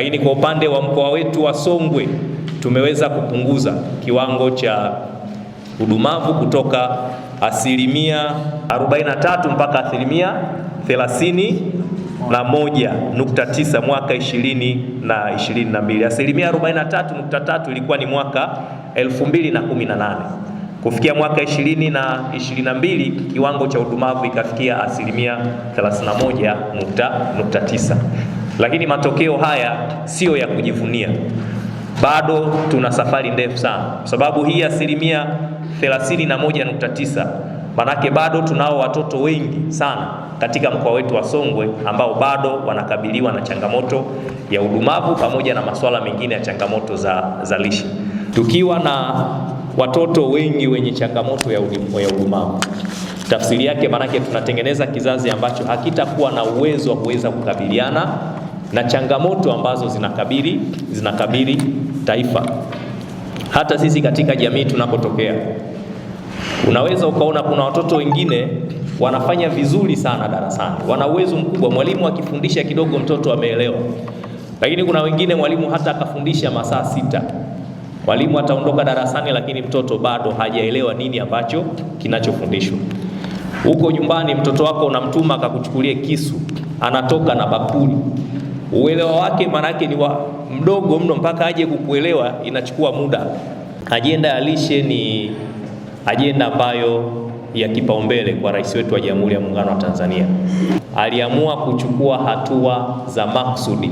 Lakini kwa upande wa mkoa wetu wa Songwe tumeweza kupunguza kiwango cha udumavu kutoka asilimia 43 mpaka asilimia 31.9 mwaka 20 na 22. Asilimia 43.3 ilikuwa ni mwaka 2018. Kufikia mwaka 20 na 22 kiwango cha udumavu ikafikia asilimia 31.9. Lakini matokeo haya siyo ya kujivunia, bado tuna safari ndefu sana, sababu hii asilimia 31.9 manake bado tunao watoto wengi sana katika mkoa wetu wa Songwe ambao bado wanakabiliwa na changamoto ya udumavu pamoja na masuala mengine ya changamoto za, za lishe. Tukiwa na watoto wengi wenye changamoto ya udumavu, tafsiri yake manake tunatengeneza kizazi ambacho hakitakuwa na uwezo wa kuweza kukabiliana na changamoto ambazo zinakabili zinakabili taifa. Hata sisi katika jamii tunapotokea, unaweza ukaona kuna watoto wengine wanafanya vizuri sana darasani, wana uwezo mkubwa, mwalimu akifundisha kidogo mtoto ameelewa, lakini kuna wengine mwalimu hata akafundisha masaa sita mwalimu ataondoka darasani, lakini mtoto bado hajaelewa nini ambacho kinachofundishwa. Huko nyumbani, mtoto wako unamtuma akakuchukulie kisu, anatoka na bakuli, Uelewa wake maanake ni wa mdogo mno, mpaka aje kukuelewa inachukua muda. Ajenda ya lishe ni ajenda ambayo ya kipaumbele kwa rais wetu wa Jamhuri ya Muungano wa Tanzania. Aliamua kuchukua hatua za maksudi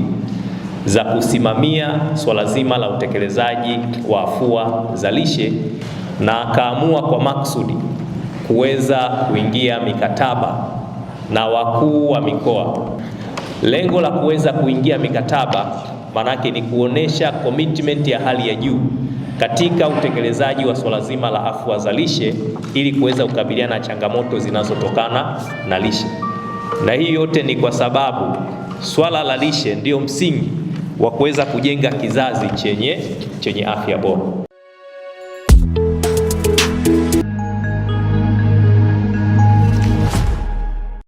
za kusimamia swala zima la utekelezaji wa afua za lishe na akaamua kwa maksudi kuweza kuingia mikataba na wakuu wa mikoa Lengo la kuweza kuingia mikataba maanake ni kuonesha commitment ya hali ya juu katika utekelezaji wa swala zima la afua za lishe ili kuweza kukabiliana na changamoto zinazotokana na lishe. Na hii yote ni kwa sababu swala la lishe ndiyo msingi wa kuweza kujenga kizazi chenye, chenye afya bora.